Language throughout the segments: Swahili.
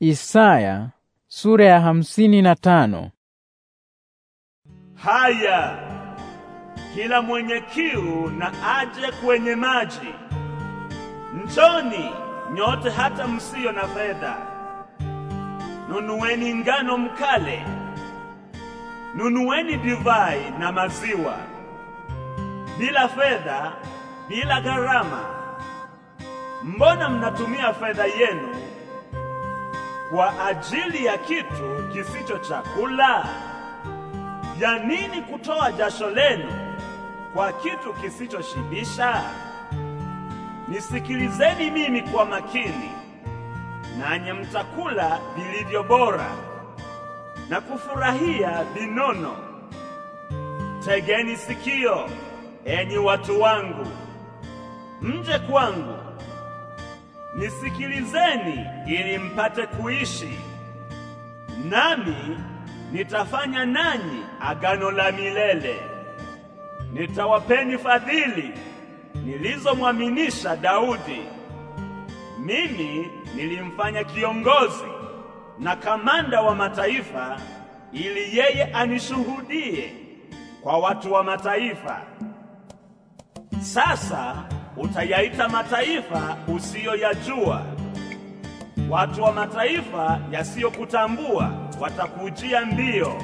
Isaya sura ya hamsini na tano. Haya, kila mwenye kiu na aje kwenye maji. Njoni nyote, hata msio na fedha, nunuweni ngano mkale, nunuweni divai na maziwa, bila fedha, bila gharama. Mbona mnatumia fedha yenu kwa ajili ya kitu kisicho chakula? Ya nini kutoa jasho lenu kwa kitu kisichoshibisha? Nisikilizeni mimi kwa makini, nanyi mtakula vilivyo bora na kufurahia vinono. Tegeni sikio, enyi watu wangu, mje kwangu nisikilizeni ili mpate kuishi, nami nitafanya nanyi agano la milele, nitawapeni fadhili nilizomwaminisha Daudi. Mimi nilimfanya kiongozi na kamanda wa mataifa, ili yeye anishuhudie kwa watu wa mataifa. Sasa Utayaita mataifa usiyoyajua, watu wa mataifa yasiyokutambua watakujia mbio.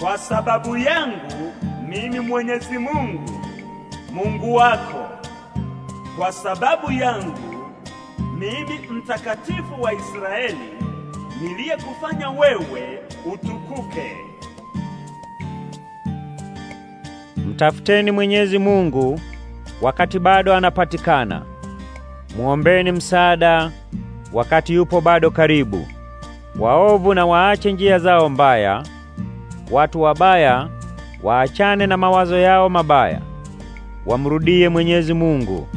Kwa sababu yangu mimi Mwenyezi Mungu, Mungu wako, kwa sababu yangu mimi mtakatifu wa Israeli niliyekufanya wewe utukuke. Mtafuteni Mwenyezi Mungu wakati bado anapatikana. Muombeni msaada wakati yupo bado karibu. Waovu na waache njia zao mbaya, watu wabaya waachane na mawazo yao mabaya. Wamrudie Mwenyezi Mungu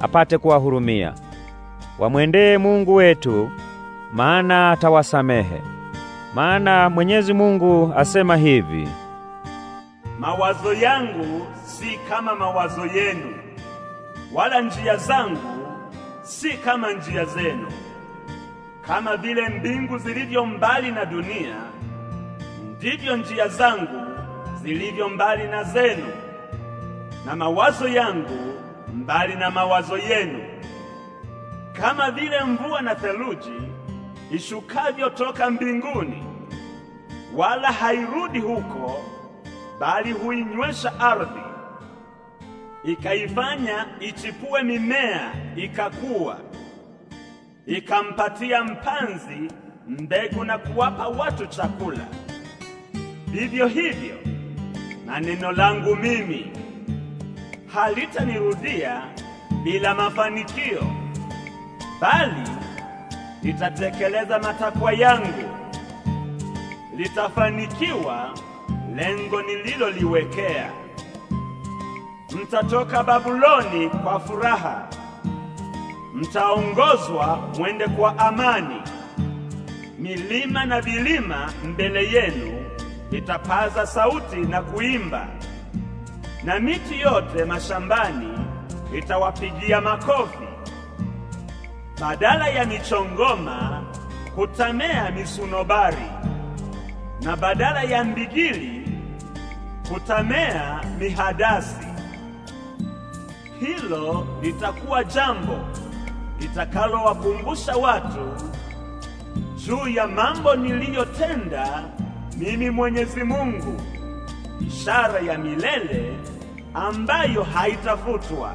apate kuwahurumia. Wamwendee Mungu wetu, maana atawasamehe. Maana Mwenyezi Mungu asema hivi: mawazo yangu si kama mawazo yenu, wala njia zangu si kama njia zenu. Kama vile mbingu zilivyo mbali na dunia, ndivyo njia zangu zilivyo mbali na zenu, na mawazo yangu mbali na mawazo yenu. Kama vile mvua na theluji ishukavyo toka mbinguni, wala hairudi huko, bali huinywesha ardhi ikaifanya ichipue mimea ikakua, ikampatia mpanzi mbegu na kuwapa watu chakula. Vivyo hivyo na neno langu mimi halitanirudia bila mafanikio, bali litatekeleza matakwa yangu, litafanikiwa lengo nililoliwekea. Mtatoka Babuloni kwa furaha, mtaongozwa mwende kwa amani. Milima na vilima mbele yenu itapaza sauti na kuimba, na miti yote mashambani itawapigia makofi. Badala ya michongoma kutamea misunobari, na badala ya mbigili kutamea mihadasi hilo litakuwa jambo litakalowakumbusha watu juu ya mambo niliyotenda mimi Mwenyezi Mungu, ishara ya milele ambayo haitafutwa.